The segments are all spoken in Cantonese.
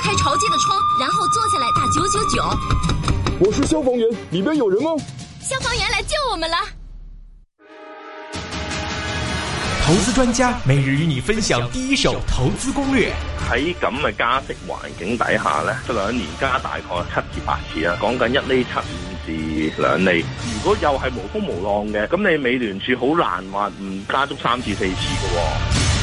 開朝街的窗，然後坐下來打九九九。我是消防員，裏面有人嗎？消防員來救我們了。投資專家每日與你分享第一手投資攻略。喺咁嘅加息環境底下呢，兩年加大概七至八次啊，講緊一厘七五至兩厘。如果又係無風無浪嘅，咁你美聯儲好難話唔加足三至四次喎，哦。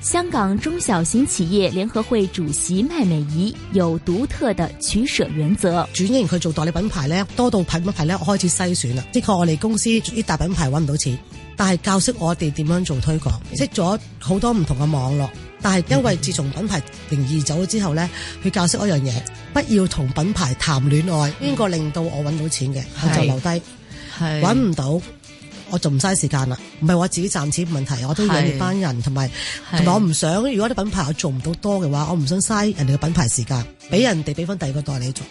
香港中小型企業聯合會主席麥美儀有獨特的取捨原則，轉型去做代理品牌咧，多到品牌咧開始篩選啦。的確，我哋公司啲大品牌揾唔到錢，但係教識我哋點樣做推廣，嗯、識咗好多唔同嘅網絡。但係因為自從品牌定義走咗之後咧，佢、嗯、教識我一樣嘢，不要同品牌談戀愛，邊、嗯、個令到我揾到錢嘅就留低，揾唔到。我就唔嘥時間啦，唔係我自己賺錢問題，我都養住班人，同埋同埋我唔想，如果啲品牌我做唔到多嘅話，我唔想嘥人哋嘅品牌時間，俾人哋俾翻第二個代理做。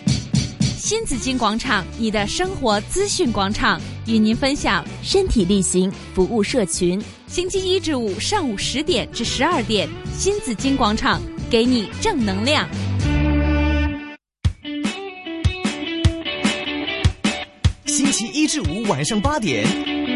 新紫荊廣場，你的生活資訊廣場，與您分享身體力行服務社群。星期一至五上午十點至十二點，新紫荊廣場給你正能量。星期一至五晚上八點。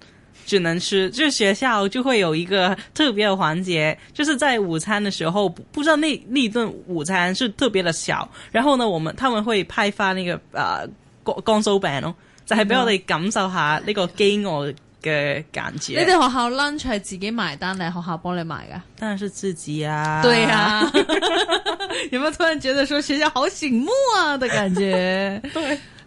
只能吃，就學校就會有一個特別的環節，就是在午餐的時候，不,不知道那那一頓午餐是特別的小。然後呢，我們他們會派發那個呃光光酥餅咯，就係、是、俾我哋感受下呢個飢餓嘅感覺。嗯、你哋學校 lunch 係自己買單，定係學校幫你買噶？當然是自己啊。對啊 有沒有突然覺得說學校好醒目啊的感覺？ 對。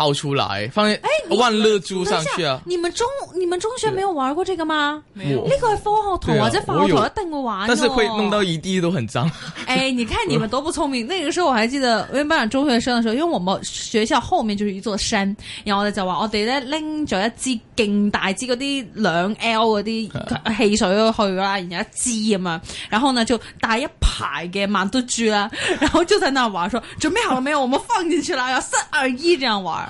掏出來，放哎、欸、萬樂珠上去啊！你們中你們中學沒有玩過這個嗎？沒有、哦，這個是科學圖或者化學圖一定會玩，但是會弄到一地都很髒。哎、欸，你看你們多不聰明！那個時候我還記得，我們班長中學生的時候，因為我們學校後面就是一座山，然後他就話我哋咧拎咗一支勁大支嗰啲兩 L 嗰啲汽水咯去啦，然後一支吖嘛，然後呢就帶一排嘅萬樂珠啦，然後就在那玩，說準備好了沒有？ 我們放進去了，要三二一這樣玩。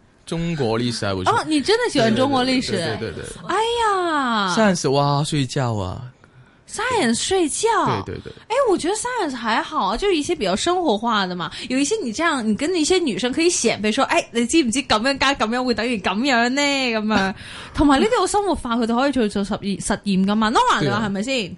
中國歷史啊！哦，你真的喜歡中國歷史？對對對，對，對對對！哎呀，science 哇，睡覺啊！science 睡覺，對對對，對。哎、欸，我覺得 science 還好啊，就是一些比較生活化的嘛，有一些你這樣，你跟你一些女生可以顯擺說，哎、欸，你知唔知咁樣加咁樣咁樣會等於咁樣呢？咁樣，同埋呢啲好生活化，佢、嗯、哋可以做做實驗實驗㗎嘛？no 啊，你話係咪先？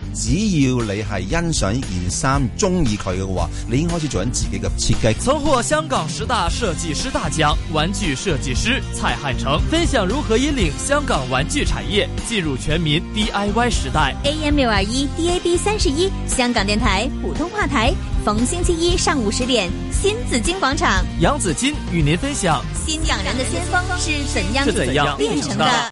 只要你係欣賞件衫，中意佢嘅話，你已經開始做緊自己嘅設計。曾獲香港十大設計師大獎，玩具設計師蔡漢成分享如何引領香港玩具產業進入全民 D I Y 時代。A M 六二一 D A B 三十一，香港電台普通話台，逢星期一上午十點，新紫荊廣場，楊紫金與您分享新港人的先鋒是，是怎樣變成的。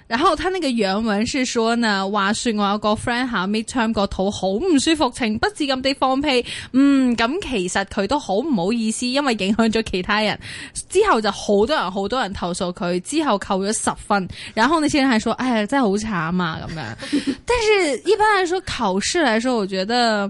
然後他呢個樣文是說呢，話說我有個 friend 下 midterm 個肚好唔舒服，情不自禁地放屁。嗯，咁其實佢都好唔好意思，因為影響咗其他人。之後就好多人好多人投訴佢，之後扣咗十分。然後你先係說，哎呀，真係好慘嘛，啊、咁樣。但是一般來說，考試來說，我覺得。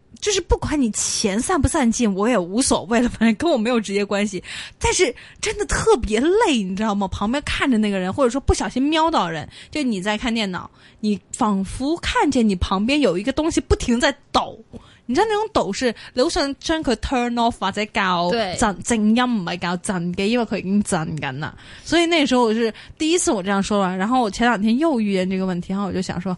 就是不管你錢散不散盡，我也無所謂了，反正跟我沒有直接關係。但是真的特別累，你知道嗎？旁邊看着那個人，或者說不小心瞄到人，就你在看電腦，你仿佛看見你旁邊有一個東西不停在抖。你知道那種抖是，你想將佢 turn off，或者對，整靜音，唔係搞震嘅，因為佢已經整緊啦。所以那時候我是第一次我這樣說完，然後我前兩天又遇見這個問題，然後我就想說。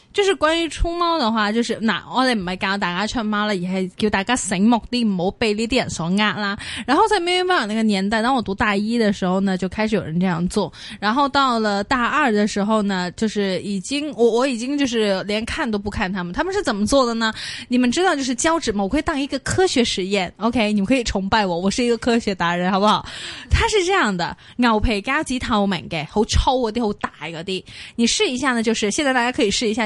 就是關於出貓的話，就是嗱，我哋唔係教大家出貓啦，而係叫大家醒目啲，唔好被呢啲人所呃啦。然後在《辦法那個年代，當我讀大一的時候呢，就開始有人這樣做。然後到了大二的時候呢，就是已經我我已經就是連看都不看他們，他們是怎麼做的呢？你們知道就是膠紙嗎？我可以當一個科學實驗，OK？你們可以崇拜我，我是一個科學達人，好不好？他是這樣的，牛皮膠紙透明嘅，好臭的，好大一個的。你試一下呢，就是現在大家可以試一下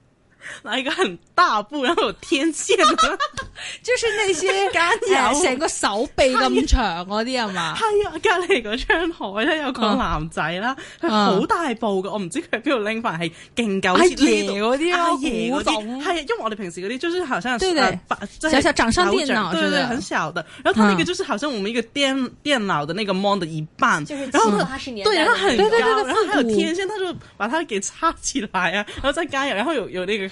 係一個很大部，然後有天線， 就是那些奸人成個手臂咁長嗰啲係嘛？係、哎、啊，隔籬嗰張枱，咧有個男仔啦，佢、啊、好、啊、大部噶，我唔知佢喺邊度拎翻，係勁夠爺嗰啲咯，爺嗰啲係啊，因為我哋平時嗰啲，就是好像把、啊就是、小小掌上電腦，對，對對，很小的。啊、然後佢那個就是好像我們一個電電腦的那個 mon 的一半，就是、然後佢係對，佢很高，對對對，然後佢有天線，對對對有天線對對對，他就把它給插起來、啊，然後再加油然後有 有那、這個。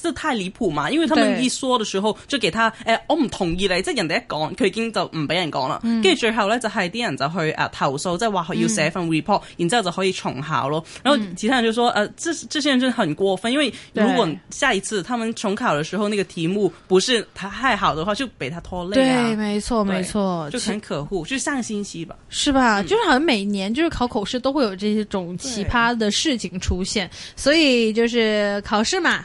這太離譜嘛！因為他們一說的時候，就給他誒，我唔同意嘞，即人哋一講，佢已經就唔俾人講了。跟、嗯、住最後呢，就係、是、啲人就去啊、呃、投訴，再話要寫份 report，然之後就可以重考咯。然後其他人就說呃，這這些人真的很過分，因為如果下一次他們重考的時候，那個題目不是太好的話，就被他拖累啊。對，沒錯，沒錯，就很可惡。就上星期吧，是吧？嗯、就是好像每年就是考口試都會有這些種奇葩的事情出現，所以就是考試嘛。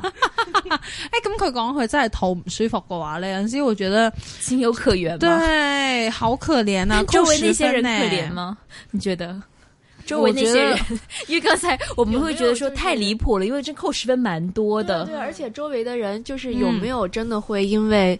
哎，咁佢講佢真係頭唔舒服嘅話呢，有陣時我覺得情有可原。對，好可憐啊！周圍那些人可憐嗎？你覺得？周圍那些人， 因為剛才我們會覺得說太離譜了，因為真扣十分蠻多的。對，對，對，而且周圍的人就是有沒有真的會因為？嗯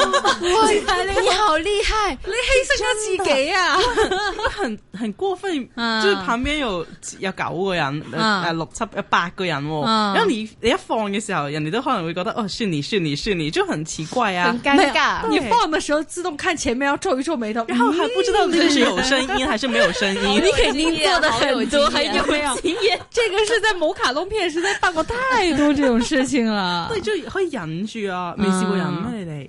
哇！ 你好厲害，你犧牲咗自己啊！ 很很過分，啊、就是旁邊有有九個人，誒六七誒八個人、哦啊，然後你你一放嘅時候，人哋都可能會覺得哦，是你是你是你，就很奇怪啊，很尷尬。你放嘅時候自動看前面，要皺一皺眉頭，然後還不知道你是有聲音還是沒有聲音。你肯定做的很多很有經驗，有經驗 這個是在某卡通片實在辦過太多這種事情啦。 對，就可以忍住啊、哦，沒試過忍啊你哋。嗯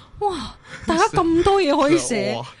哇！ 大家咁多嘢可以寫。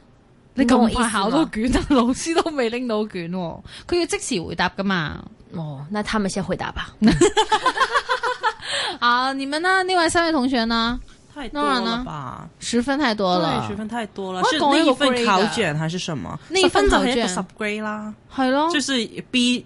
你咁快考到卷， 老師都未拎到卷、哦，佢要即時回答噶嘛？哦、oh,，那他們先回答吧。 好，你們呢？另外三位同學呢？太多了吧？十分太多了，十分太多了。是那一份考卷還是什麼？十分就係一個 sub grade 啦，係咯，就是 B。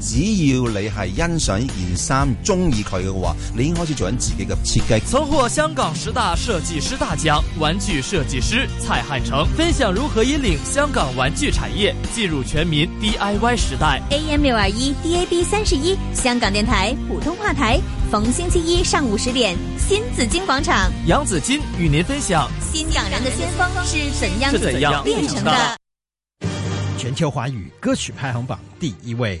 只要你係欣賞呢件衫，中意佢嘅話，你已經開始做自己嘅設計。曾獲香港十大設計師大獎，玩具設計師蔡漢成分享如何引領香港玩具產業進入全民 D I Y 時代。AM 六二一，D A B 三十一，香港電台普通話台，逢星期一上午十點，新紫荊廣場，楊紫金與您分享新港人的先鋒是怎樣是怎樣變成的。全球華語歌曲排行榜第一位。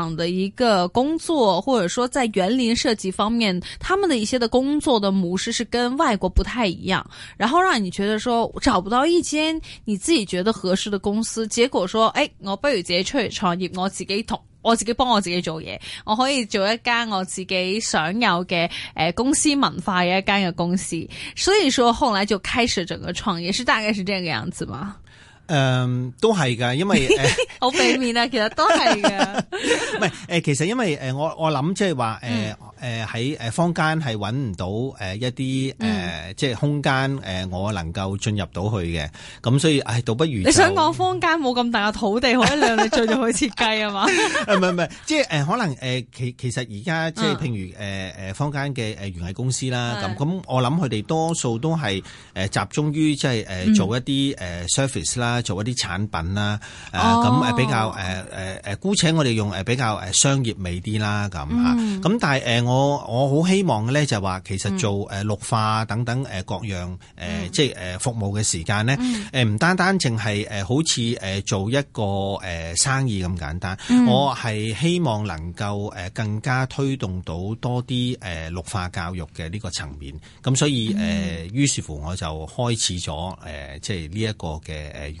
的一個工作，或者說在園林設計方面，他們的一些的工作的模式是跟外國不太一樣，然後讓你覺得說找不到一間你自己覺得合適的公司，結果說，哎，我不如自己出去創業，我自己同我自己幫我自己做嘢，我可以做一間我自己想有嘅誒公司文化嘅一間嘅公司，所以說後來就開始整個創業，是大概是這個樣子嗎？誒、嗯，都係噶，因為好 避面啊，其實都係嘅。唔係誒，其實因為誒，我我諗、呃嗯呃嗯、即係話誒誒喺誒坊間係搵唔到誒一啲誒即係空間誒，我能夠進入到去嘅。咁所以誒、哎，倒不如你想講坊間冇咁大嘅土地可以量， 你進入去設計啊嘛？唔係唔係，即係誒可能誒其、呃、其實而家即係譬如誒誒、啊呃、坊間嘅誒園藝公司啦，咁咁我諗佢哋多數都係誒集中於即係誒做一啲誒 service 啦、嗯。呃做一啲產品啦，誒咁誒比較誒誒誒，姑且我哋用誒比較誒商業味啲啦，咁嚇。咁、um. 但係誒我我好希望嘅咧就話，其實做誒綠化等等誒各樣誒即係誒服務嘅時間咧，誒唔單單淨係誒好似誒做一個誒生意咁簡單，我係希望能夠誒更加推動到多啲誒綠化教育嘅呢個層面。咁所以誒，於是乎我就開始咗誒、啊，即係呢一個嘅誒。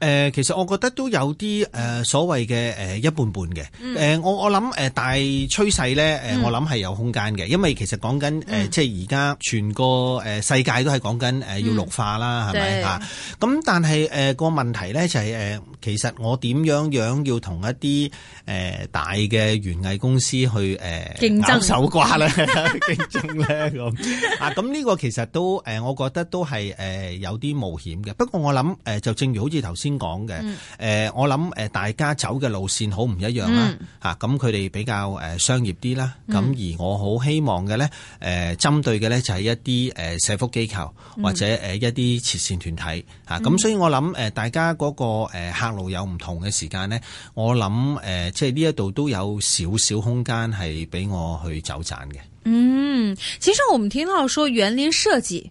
誒其實我覺得都有啲誒所謂嘅誒一半半嘅。誒、嗯、我、嗯、我諗誒大趨勢咧，誒我諗係有空間嘅、嗯，因為其實講緊誒即係而家全個誒世界都係講緊誒要綠化啦，係咪啊？咁但係誒個問題咧就係、是、誒其實我點樣樣要同一啲誒大嘅園藝公司去誒競爭拗手瓜咧？競 爭咧這咁 啊？咁呢個其實都誒我覺得都係誒有啲冒險嘅。不過我諗誒就正如好似頭先。講嘅，誒，我諗誒，大家走嘅路線好唔一樣啦，吓，咁佢哋比較誒商業啲啦，咁、嗯、而我好希望嘅咧，誒，針對嘅咧就係一啲誒社福機構、嗯、或者誒一啲慈善團體吓，咁、嗯、所以我諗誒，大家嗰個誒客路有唔同嘅時間咧，我諗誒，即係呢一度都有少少空間係俾我去走賺嘅。嗯，其實我們聽到說園林設計。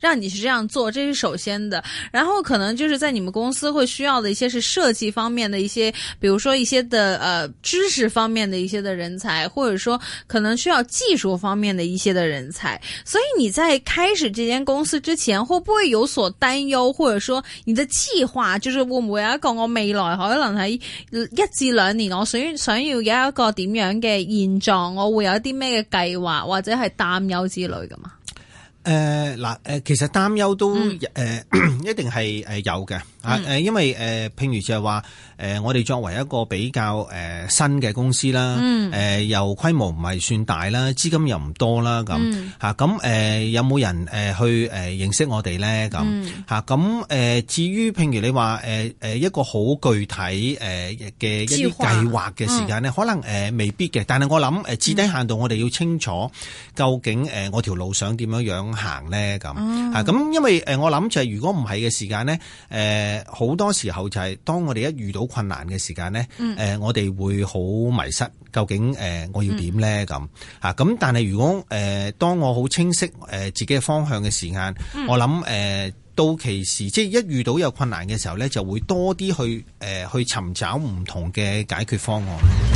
讓你去這樣做，這是首先的。然後可能就是在你們公司會需要的一些是設計方面的一些，比如說一些的呃知識方面的一些的人才，或者說可能需要技術方面的一些的人才。所以你在開始這間公司之前，會不會有所擔憂，或者說你的計劃就是我唔會有一個我未來可能喺一至兩年我想想要有一個點樣嘅現象，我會有一啲咩嘅計劃或者係擔憂之類嘅嘛？ 誒，嗱，誒，其實擔憂都，誒、嗯呃，一定係，誒，有嘅。嗯、因為誒、呃，譬如就係話誒，我哋作為一個比較誒、呃、新嘅公司啦，誒、嗯呃、又規模唔係算大啦，資金又唔多啦，咁嚇咁有冇人誒去誒、呃、認識我哋咧？咁嚇咁至於譬如你話誒、呃、一個好具體誒嘅、呃、一啲計劃嘅時間咧，可能誒、呃、未必嘅，但係我諗誒，至低限度我哋要清楚、嗯、究竟誒我條路想點樣呢樣行咧？咁、哦、咁、啊，因為我諗就係、是、如果唔係嘅時間咧誒。呃好多時候就係當我哋一遇到困難嘅時間呢，誒、嗯呃，我哋會好迷失，究竟誒、呃、我要點呢？咁、嗯、吓？咁但係如果誒、呃，當我好清晰誒、呃、自己嘅方向嘅時間、嗯，我諗誒、呃，到其時即係一遇到有困難嘅時候呢，就會多啲去誒、呃、去尋找唔同嘅解決方案。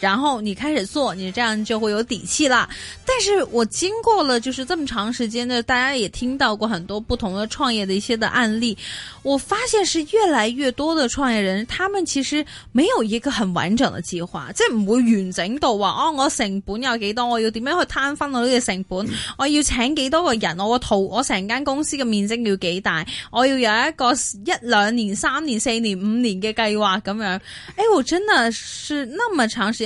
然後你開始做，你這樣就會有底氣啦。但是我經過了就是這麼長時間的，大家也聽到過很多不同的創業的一些的案例，我發現是越來越多的創業人，他們其實沒有一個很完整的計劃。即係唔會完整到話：哦，我成本有幾多？我要點樣去攤分我呢個成本？我要請幾多個人？我個套我成間公司嘅面積要幾大？我要有一個一兩年、三年、四年、五年嘅計劃咁樣。誒、哎、我真的是那麼長時間。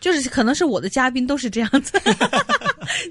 就是可能是我的嘉賓都是這樣子，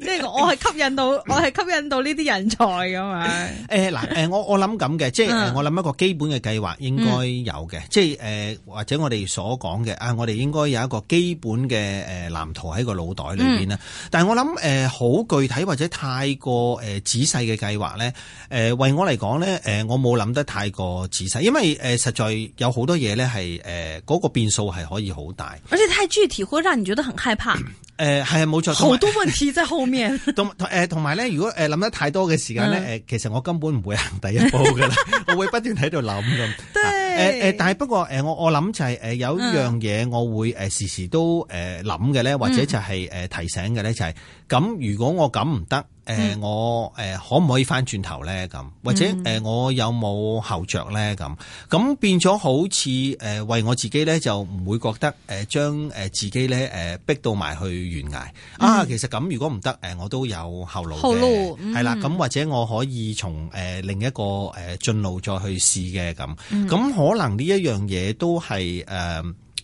即係我係吸引到我係吸引到呢啲人才咁嘛，誒嗱，誒我我諗咁嘅，即係、嗯、我諗一個基本嘅計劃應該有嘅、嗯，即係誒、呃、或者我哋所講嘅啊，我哋應該有一個基本嘅誒藍圖喺個腦袋裏邊啦、嗯。但係我諗誒好具體或者太過誒仔細嘅計劃咧，誒、呃、為我嚟講咧，誒、呃、我冇諗得太過仔細，因為誒、呃、實在有好多嘢咧係誒個變數係可以好大，而且太具體或你覺得很害怕？誒、呃，係啊，冇錯，好多問題在後面。同誒，同埋咧，如果誒諗得太多嘅時間咧，誒、嗯，其實我根本唔會行第一步噶啦， 我會不斷喺度諗咁。對，誒、啊、誒、呃，但係不過誒，我我諗就係誒有一樣嘢我會誒時時都誒諗嘅咧，或者就係誒提醒嘅咧，就係、是、咁。如果我咁唔得。誒、呃，我誒、呃、可唔可以翻轉頭咧？咁或者誒、呃，我有冇後着咧？咁咁變咗好似誒，為我自己咧就唔會覺得誒，將誒自己咧誒逼到埋去懸崖、嗯、啊？其實咁如果唔得誒，我都有後路嘅，係啦。咁、嗯、或者我可以從誒、呃、另一個誒進路再去試嘅咁。咁、嗯、可能呢一樣嘢都係誒、呃，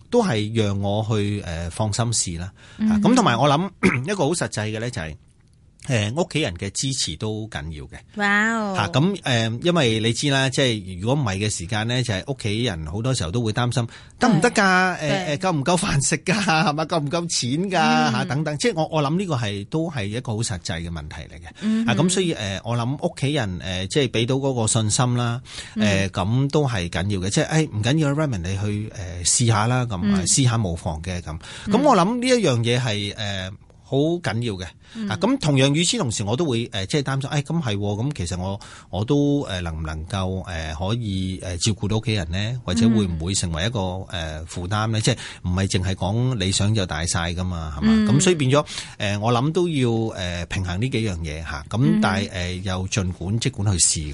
都係讓我去誒放心試啦。咁同埋我諗一個好實際嘅咧就係、是。誒、呃，屋企人嘅支持都緊要嘅。哇、wow、哦！吓，咁誒，因為你知啦，即係如果唔係嘅時間咧，就係屋企人好多時候都會擔心得唔得噶？誒誒，夠唔夠飯食噶？係咪夠唔夠錢噶？吓、mm -hmm. 啊、等等，即係我我諗呢個係都係一個好實際嘅問題嚟嘅。咁、mm -hmm. 啊、所以誒、呃，我諗屋企人誒、呃，即係俾到嗰個信心啦。誒、呃、咁、mm -hmm. 啊、都係緊要嘅。即係誒，唔緊要，Raymond 你去誒、呃、試下啦，咁試，下，試下無妨嘅。咁咁、啊 mm -hmm. 啊、我諗呢一樣嘢係誒。呃好緊要嘅，咁、嗯、同樣與此同時，我都會即係、呃就是、擔心，誒咁係咁，其實我我都誒能唔能夠誒、呃、可以誒照顧到屋企人咧，或者會唔會成為一個誒、呃、負擔咧？即係唔係淨係講理想就大晒㗎嘛，係嘛？咁、嗯、所以變咗誒、呃，我諗都要誒、呃、平衡呢幾樣嘢吓咁、啊、但係、嗯呃、又管儘管即管去試。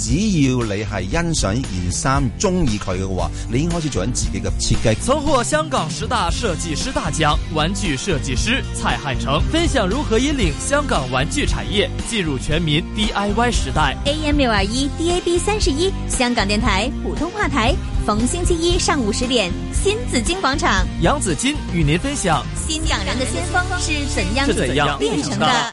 只要你係欣賞件衫中意佢嘅話，你已經開始做自己嘅設計。曾獲香港十大設計師大獎，玩具設計師蔡漢成分享如何引領香港玩具產業進入全民 D I Y 時代。A M 六二一 D A B 三十一，香港電台普通話台，逢星期一上午十點，新紫荊廣場，楊紫金與您分享新養人的先鋒是怎樣變成的。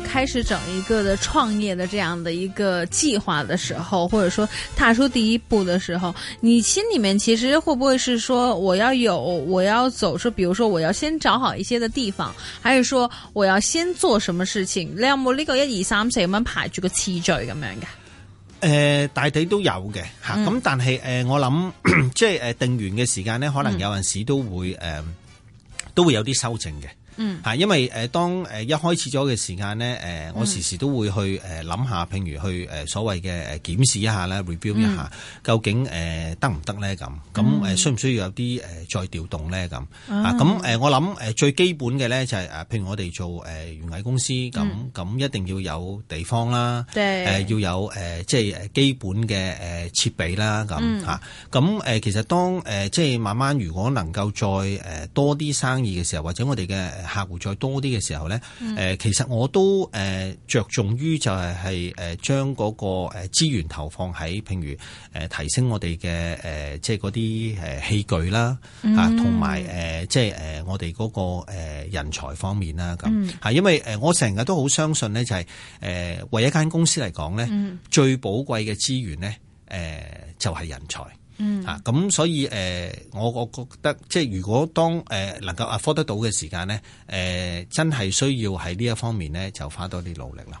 開始整一個的創業的這樣的一個計劃的時候，或者說踏出第一步的時候，你心裏面其實會不會是說我要有我要走，說，比如說我要先找好一些的地方，還是說我要先做什麼事情？你有冇呢個一二三四咁樣排住個次序咁樣㗎？誒、呃，大體都有嘅吓，咁、啊嗯、但係誒、呃，我諗即係誒、呃、定完嘅時間呢，可能有陣時都會誒、呃，都會有啲修正嘅。嗯、因為誒當一開始咗嘅時間咧、嗯，我時時都會去諗下，譬如去所謂嘅檢視一下咧，review 一下，嗯、究竟得唔得咧咁？咁、嗯、需唔需要有啲再調動咧咁？咁、嗯、我諗最基本嘅咧就係、是、譬如我哋做誒園藝公司咁，咁、嗯、一定要有地方啦、就是，要有即係基本嘅設備啦，咁，咁其實當即係、就是、慢慢如果能夠再多啲生意嘅時候，或者我哋嘅客戶再多啲嘅時候咧，誒、嗯、其實我都誒着重於就係係誒將嗰個誒資源投放喺譬如誒提升我哋嘅誒即係嗰啲誒器具啦嚇，同埋誒即係誒我哋嗰個人才方面啦咁嚇，因為誒我成日都好相信咧、就係，就係誒為一間公司嚟講咧、嗯，最寶貴嘅資源咧誒就係人才。嗯，吓、啊，咁所以誒我、呃、我覺得即係如果當誒、呃、能夠 afford 得到嘅時間咧，誒、呃、真係需要喺呢一方面咧，就花多啲努力啦。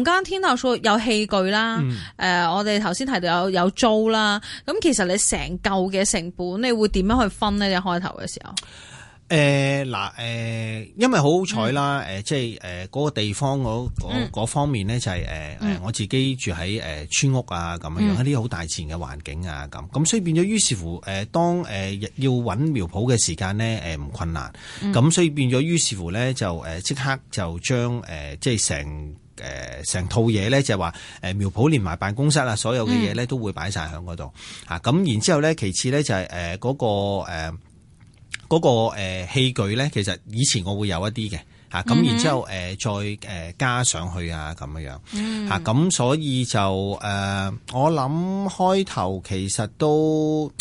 間天台數有器具啦，誒、嗯、呃，我哋頭先提到有有租啦，咁其實你成舊嘅成本，你會點樣去分呢？一開頭嘅時候，誒、呃、嗱，誒、呃，因為好彩啦，誒、嗯，即係誒嗰個地方嗰方面咧就係誒誒，我自己住喺誒、呃、村屋啊咁樣，喺啲好大自然嘅環境啊咁，咁、嗯、所以變咗於是乎，誒、呃，當誒、呃、要搵苗圃嘅時間咧，誒、呃、唔困難，咁、嗯、所以變咗於是乎咧就誒即、呃、刻就將誒、呃、即係成。誒、呃，成套嘢咧就係話，誒、呃、苗圃連埋辦公室啦、啊，所有嘅嘢咧都會擺晒喺嗰度，吓、嗯、咁、啊、然之後咧，其次咧就係誒嗰個誒嗰、呃那個誒器、呃、具咧，其實以前我會有一啲嘅，吓、啊、咁然之後誒、呃、再誒、呃、加上去啊咁樣樣，吓、嗯、咁、啊、所以就誒、呃、我諗開頭其實都誒、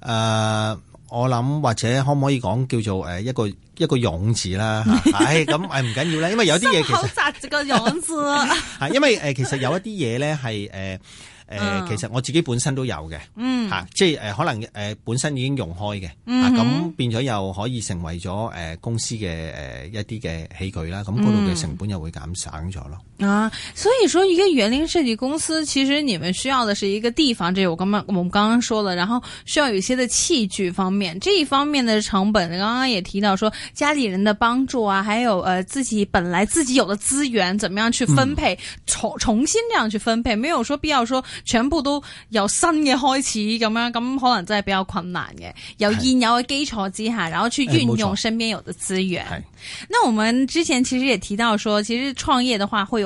呃、我諗或者可唔可以講叫做誒一個。一個勇字啦唉，咁誒唔緊要啦，因為有啲嘢其實好扎住個勇字咯， 因為誒其實有一啲嘢咧係誒誒，其實我自己本身都有嘅，嗯吓，即係誒可能誒本身已經用開嘅，咁、嗯、變咗又可以成為咗誒公司嘅誒一啲嘅器具啦，咁嗰度嘅成本又會減省咗咯。啊，所以說一個園林設計公司，其實你們需要的是一個地方，這我剛剛我們剛剛說了，然後需要有一些的器具方面這一方面的成本，剛剛也提到說家裏人的幫助啊，還有呃自己本來自己有的資源，怎麼樣去分配，嗯、重重新這樣去分配，沒有說必要說全部都有新的開始咁樣，咁可能真係比較困難嘅，由現有嘅基礎之下，然後去運用身邊有的資源、哎。那我們之前其實也提到說，其實創業的話會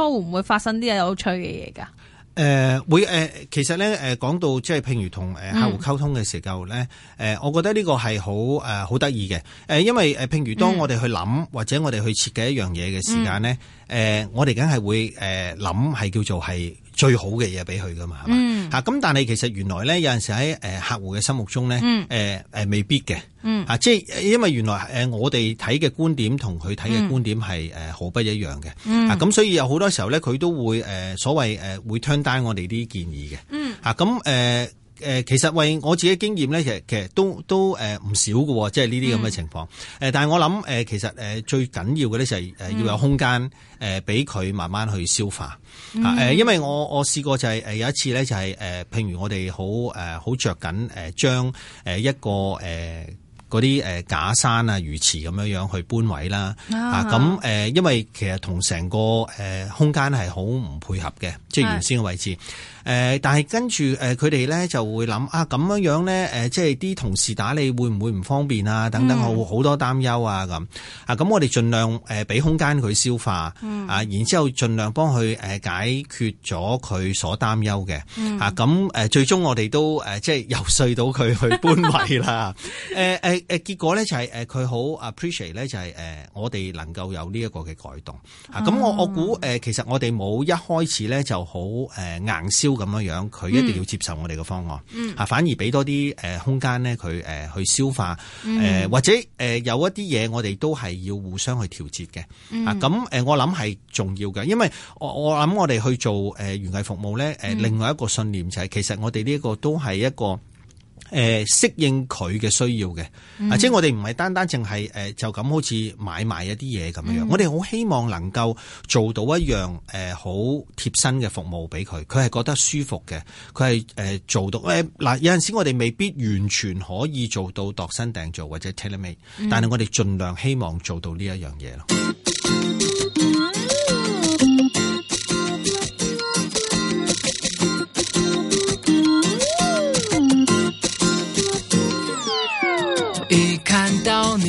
都會唔會發生啲有趣嘅嘢㗎？誒、呃，會誒、呃，其實咧誒，講到即係譬如同誒客戶溝通嘅時候咧，誒、嗯呃，我覺得呢個係好誒，好得意嘅誒，因為誒，譬如當我哋去諗、嗯、或者我哋去設計一樣嘢嘅時間咧，誒、嗯呃，我哋梗係會誒諗係叫做係。最好嘅嘢俾佢噶嘛。嚇咁、嗯啊、但係其實原來咧有陣時喺客戶嘅心目中咧、嗯呃，未必嘅，即係因為原來我哋睇嘅觀點同佢睇嘅觀點係誒不一樣嘅，咁、嗯啊、所以有好多時候咧佢都會、呃、所謂誒會 turn down 我哋啲建議嘅，咁、啊嗯啊呃誒，其實為我自己經驗咧，其實其實都都誒唔少嘅，即係呢啲咁嘅情況。誒、嗯，但係我諗誒，其實誒最緊要嘅咧就係誒要有空間誒俾佢慢慢去消化。誒、嗯，因為我我試過就係誒有一次咧就係、是、誒，譬如我哋好誒好着緊誒將誒一個誒嗰啲誒假山啊魚池咁樣樣去搬位啦。咁、啊、誒、啊、因為其實同成個誒空間係好唔配合嘅，即、就、係、是、原先嘅位置。誒，但係跟住誒，佢哋咧就會諗啊，咁樣樣咧，誒，即係啲同事打理，會唔會唔方便啊？等等，好好多擔憂啊，咁、嗯、啊，咁我哋盡量誒，俾空間佢消化、嗯，啊，然之後盡量幫佢誒解決咗佢所擔憂嘅，啊，咁誒，最終我哋都誒、啊，即係遊說到佢去搬位啦， 誒誒誒，結果咧就係誒，佢好 appreciate 咧，就係誒，我哋能夠有呢一個嘅改動，吓、啊，咁、啊嗯、我我估誒、啊，其實我哋冇一開始咧就好誒硬銷。都咁樣樣，佢一定要接受我哋嘅方案，吓、嗯、反而俾多啲誒空間咧，佢誒去消化誒、嗯，或者誒有一啲嘢我哋都係要互相去調節嘅，啊咁誒我諗係重要嘅，因為我我諗我哋去做誒園藝服務咧，誒另外一個信念就係其實我哋呢一個都係一個。誒、呃、適應佢嘅需要嘅，啊、嗯、即係我哋唔係單單淨係誒就咁好似買賣一啲嘢咁樣，嗯、我哋好希望能夠做到一樣誒好、呃、貼身嘅服務俾佢，佢係覺得舒服嘅，佢係誒做到誒嗱、呃、有陣時我哋未必完全可以做到度身訂造或者 tailor made，嗯、但係我哋盡量希望做到呢一樣嘢咯。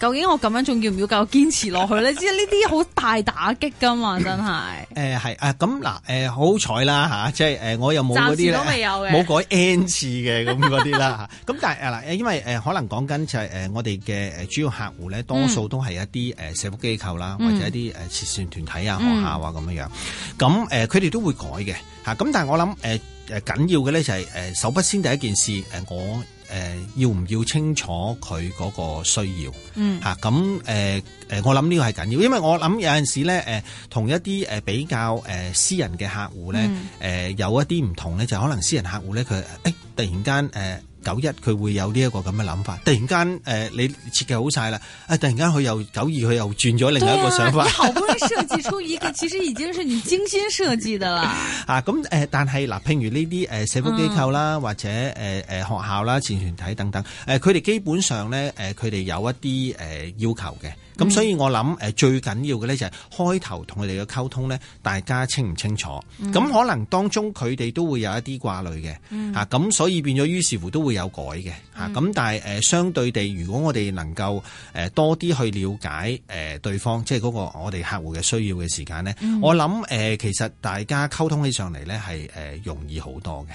究竟我咁樣仲要唔要夠堅持落去咧、？ 嗯嗯啊嗯啊？即係呢啲好大打擊噶嘛，真係。誒係啊，咁嗱誒，好彩啦吓，即係誒，我又冇嗰啲啦，都未有冇改 n 次嘅咁嗰啲啦。咁但係啊嗱，因為誒可能講緊就係、是、誒、呃、我哋嘅誒主要客戶咧，多數都係一啲誒社福機構啦，或者一啲誒慈善團體啊、學校啊咁樣樣。咁誒佢哋都會改嘅吓。咁、啊、但係我諗誒誒緊要嘅咧就係、是、誒、啊，首不先第一件事誒我。誒要唔要清楚佢嗰個需要？嗯？嗯，嚇，咁誒誒，我諗呢個係緊要，因為我諗有陣時咧誒，同、呃、一啲誒比較誒、呃、私人嘅客戶咧誒，有一啲唔同咧，就係、可能私人客戶咧佢誒突然間誒。呃九一佢會有呢一個咁嘅諗法，突然間誒、呃、你設計好晒啦，啊突然間佢又九二佢又轉咗另一個想法。啊、你好不容易設計出一個， 其實已經係你精心設計嘅啦。啊，咁但係嗱、呃，譬如呢啲誒社福機構啦，或者誒、呃、學校啦、前團體等等，誒佢哋基本上咧，誒佢哋有一啲誒、呃、要求嘅。咁、嗯、所以我諗誒最緊要嘅咧就係開頭同佢哋嘅溝通咧，大家清唔清楚？咁、嗯、可能當中佢哋都會有一啲掛慮嘅吓，咁、嗯、所以變咗於是乎都會有改嘅吓。咁、嗯、但係誒相對地，如果我哋能夠誒多啲去了解誒對方，即係嗰個我哋客戶嘅需要嘅時間咧、嗯，我諗誒其實大家溝通起上嚟咧係誒容易好多嘅。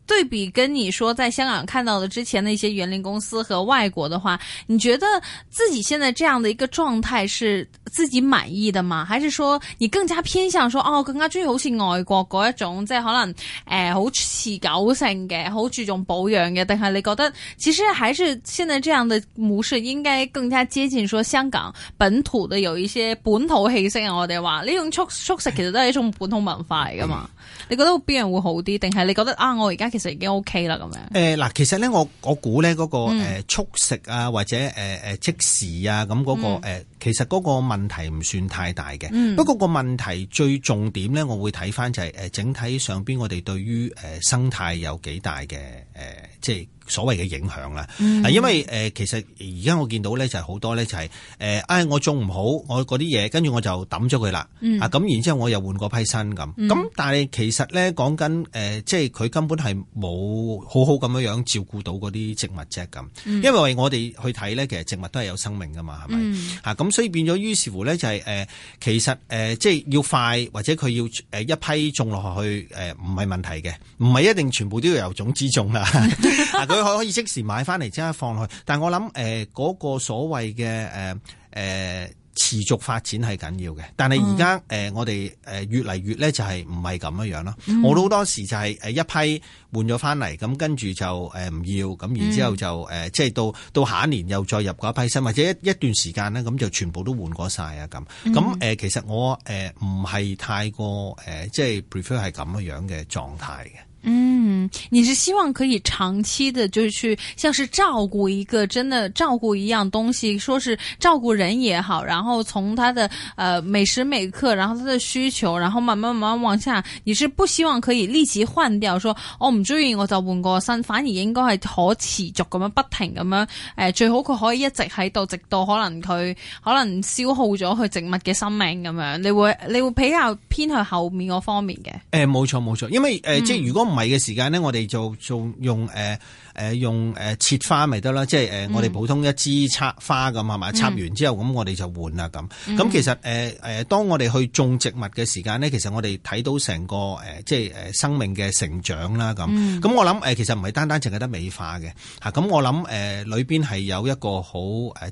對比跟你說，在香港看到的之前的一些園林公司和外國的話，你覺得自己現在這樣的一個狀態是自己滿意的嗎？還是說你更加偏向說，哦，更加中意好似外國嗰一種，即係可能誒好、呃、持久性嘅，好注重保養嘅？但係你覺得其實還是現在這樣的模式應該更加接近說香港本土的有一些本土氣息啊？我哋話呢種速食其實都係一種本土文化嚟噶嘛？嗯你覺得邊樣會好啲，定係你覺得啊？我而家其實已經 OK 啦，咁樣。誒，嗱，其實咧，我我估咧，嗰個誒速食啊，或者誒誒即時啊、那個，咁嗰個誒，其實嗰個問題唔算太大嘅。嗯、不過個問題最重點咧，我會睇翻就係誒整體上邊我哋對於誒生態有幾大嘅誒，即係。所謂嘅影響啦，因為、呃、其實而家我見到咧就係、是、好多咧就係、是、誒，唉、呃哎，我種唔好，我嗰啲嘢，跟住我就抌咗佢啦。咁、嗯啊、然之後我又換過批新咁。咁但係其實咧講緊誒，即係佢根本係冇好好咁樣樣照顧到嗰啲植物啫咁。因為，為我哋去睇咧，其實植物都係有生命噶嘛，係咪啊？咁所以變咗，於是乎咧就係、是呃、其實誒、呃，即係要快或者佢要一批種落去唔係、呃、問題嘅，唔係一定全部都要由種子種啊。 可以即時買翻嚟，即刻放去。但係我諗，誒、呃，嗰、嗰個所謂嘅，誒、呃、誒，持續發展係緊要嘅。但係而家，誒、嗯呃，我哋，誒，越嚟越咧，就係唔係咁樣樣啦。我都好多時就係，誒，一批換咗翻嚟，咁跟住就，誒，唔要，咁然之後就，誒、呃，即、嗯、係到到下一年又再入過一批新，或者一一段時間咧，咁就全部都換過晒啊，咁。咁、嗯，誒、呃，其實我，誒、呃，唔係太過，誒、呃、即、就、係、是、prefer 係咁樣樣嘅狀態嘅。你、嗯、是希望可以長期的，就是去像是照顧一個，真的照顧一樣東西，說是照顧人也好，然後從他的，呃，每時每刻，然後他的需求，然後慢慢慢慢往下，你是不希望可以立即換掉，說我不，我唔注意鍾意我就換個身，反而應該係可持續咁樣，不停咁樣，誒、呃、最好佢可以一直喺度，直到可能佢可能消耗咗佢植物嘅生命咁樣，你會你會比較偏向後面嗰方面嘅。誒、呃、冇錯冇錯，因為誒、呃、即係如果唔係嘅時間。嗯咧，我哋就做用誒。誒用誒切花咪得啦，即係誒我哋普通一支插花咁係咪？插完之後咁我哋就換啦咁。咁、嗯、其實誒誒，當我哋去種植物嘅時間咧，其實我哋睇到成個即係生命嘅成長啦咁。咁、嗯、我諗其實唔係單單淨係得美化嘅嚇。咁我諗誒裏邊係有一個好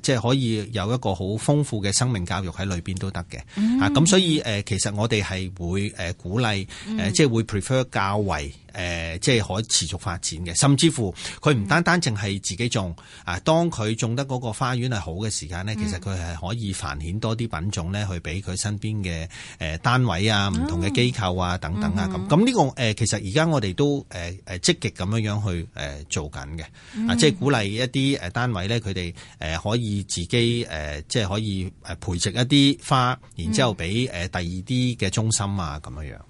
即係可以有一個好豐富嘅生命教育喺裏邊都得嘅。嚇、嗯、咁所以其實我哋係會鼓勵即係會 prefer 較為誒，即係可持續發展嘅，甚至乎。佢唔單單淨係自己種，啊，當佢種得嗰個花園係好嘅時間咧，其實佢係可以繁衍多啲品種咧，去俾佢身邊嘅誒單位啊、唔同嘅機構啊等等啊咁。咁、嗯、呢、嗯呢個誒其實而家我哋都誒誒積極咁樣樣去誒做緊嘅，啊、嗯，即係鼓勵一啲誒單位咧，佢哋誒可以自己誒即係可以誒培植一啲花，然之後俾誒第二啲嘅中心啊咁樣樣。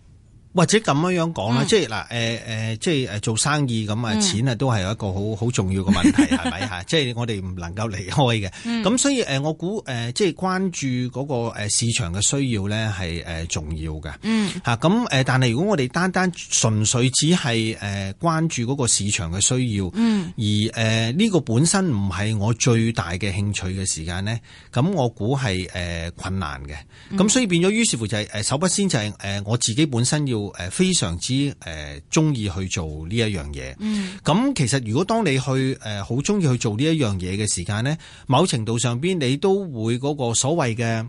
或者咁樣樣講啦，即係嗱，誒、呃、誒，即係誒，做生意咁啊，錢啊都係有一個好好重要嘅問題，係咪吓？即係我哋唔能夠離開嘅。咁所以誒，我估誒，即係關注嗰個誒市場嘅需要咧，係誒重要嘅。嗯，吓咁誒，但係如果我哋單單純粹只係誒關注嗰個市場嘅需要，嗯、而誒呢個本身唔係我最大嘅興趣嘅時間咧，咁我估係誒困難嘅。咁、嗯、所以變咗，於是乎就係、是、誒，首不先就係誒我自己本身要。誒，非常之誒，中意去做呢一樣嘢。咁、嗯、其實如果當你去誒，好中意去做呢一樣嘢嘅時間咧，某程度上邊你都會嗰個所謂嘅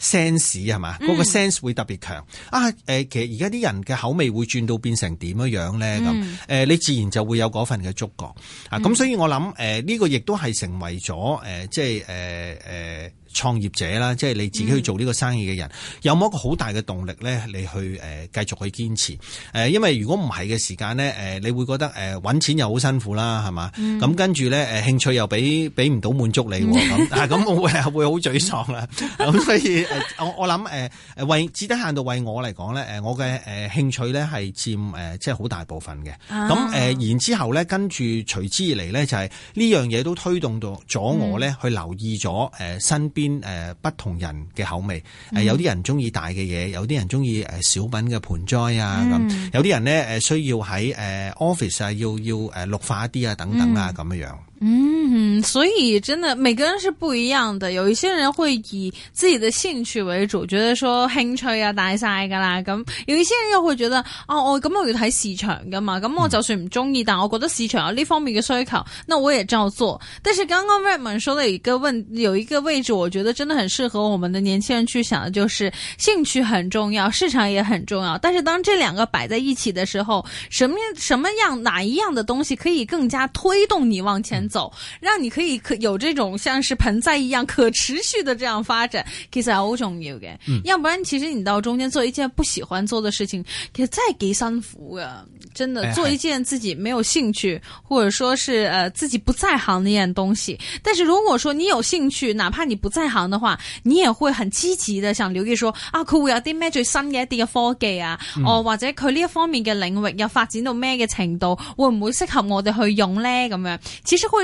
sense 係嘛，嗰、嗯嗰個 sense 會特別強啊。誒、呃，其實而家啲人嘅口味會轉到變成點樣樣咧咁。誒、嗯呃，你自然就會有嗰份嘅觸覺啊。咁、呃、所以我諗，誒、呃，呢、呢個亦都係成為咗，誒、呃，即係誒，誒、呃。呃創業者啦，即係你自己去做呢個生意嘅人，嗯、有冇一個好大嘅動力咧？你去誒、呃、繼續去堅持誒、呃？因為如果唔係嘅時間咧，誒、呃、你會覺得誒揾、呃、錢又好辛苦啦，係嘛？咁、嗯、跟住咧誒興趣又俾俾唔到滿足你、啊，咁但係咁、嗯啊啊、我會 會好沮喪啦。咁所以誒、呃，我我諗誒誒為至得限到為我嚟講咧，誒、呃、我嘅誒、呃、興趣咧係佔誒、呃、即係好大部分嘅。咁、啊、誒、啊呃、然之後咧，跟住隨之而嚟咧就係呢樣嘢都推動到咗我咧、嗯、去留意咗誒、呃、身邊。誒、呃、不同人嘅口味，誒有啲人中意大嘅嘢，有啲人中意誒小品嘅盆栽啊，咁、嗯、有啲人咧誒需要喺誒、呃、office 啊要要誒綠化一啲啊等等啊咁樣、嗯、樣。嗯，所以真的每個人是不一樣的。有一些人會以自己的興趣為主，覺得說興趣要大晒㗎啦。咁有一些人又會覺得哦，我咁我要睇市場噶嘛。咁我就算唔中意，但我覺得市場啊，呢方面嘅需求，那我也照做。但是剛剛 Redman 說的一個問，有一個位置，我覺得真的很適合我們的年輕人去想的，就是興趣很重要，市場也很重要。但是當這兩個擺在一起的時候，什麼什麼樣哪一樣的東西可以更加推動你往前走？走，讓你可以可有這種像是盆栽一樣可持續的這樣發展，其實好重要嘅，要不然其實你到中間做一件不喜歡做的事情，其實真係幾辛苦啊。真的、哎、做一件自己沒有興趣或者說是呃自己不在行的那樣東西，但是如果說你有興趣，哪怕你不在行的話，你也會很積極的想留意說啊，佢會有啲咩最新嘅一啲嘅科技啊，嗯、哦或者佢呢一方面嘅領域要發展到咩嘅程度，會唔會適合我哋去用咧？咁樣，其實。會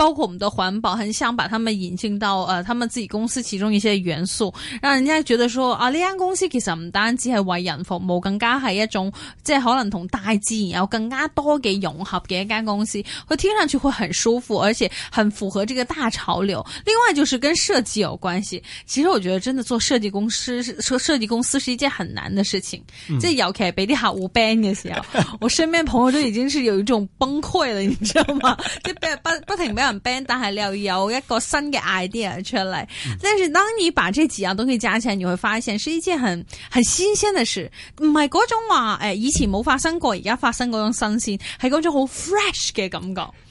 包括我們的環保，很想把他們引進到呃，他們自己公司其中一些元素，讓人家覺得說啊，呢間公司其實唔單止係為人服務，更加係一種即係、就是、可能同大自然有更加多嘅融合嘅一間公司，佢聽上去會很舒服，而且很符合這個大潮流。另外就是跟設計有關係，其實我覺得真的做設計公司設計公司是一件很難的事情。即係尤其係畀啲客戶 ban 嘅時候， 我身邊朋友都已經是有一種崩潰了，你知道嗎？即不不不停咩？但係你又有一個新嘅 idea 出嚟，即、嗯、是當你把這幾樣東西加起來，你會發現是一件很很新鮮的事，唔係嗰種話誒、欸、以前冇發生過而家發生嗰種新鮮，係嗰種好 fresh 嘅感覺。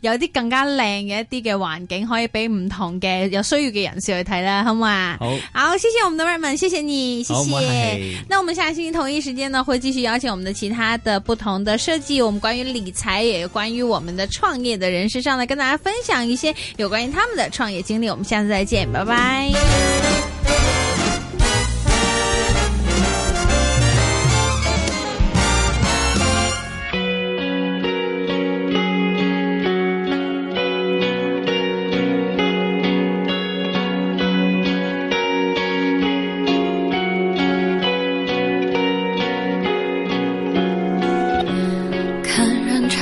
有啲更加靚嘅一啲嘅環境，可以俾唔同嘅有需要嘅人士去睇啦，好唔好？啊？好，謝謝我們的 Raymond，謝謝你，謝謝。我們那我哋下星期同一時間呢，會繼續邀請我們的其他的不同的設計，我們關於理財，也關於我們的創業的人士上來，跟大家分享一些有關於他們的創業經歷。我們下次再見，拜拜。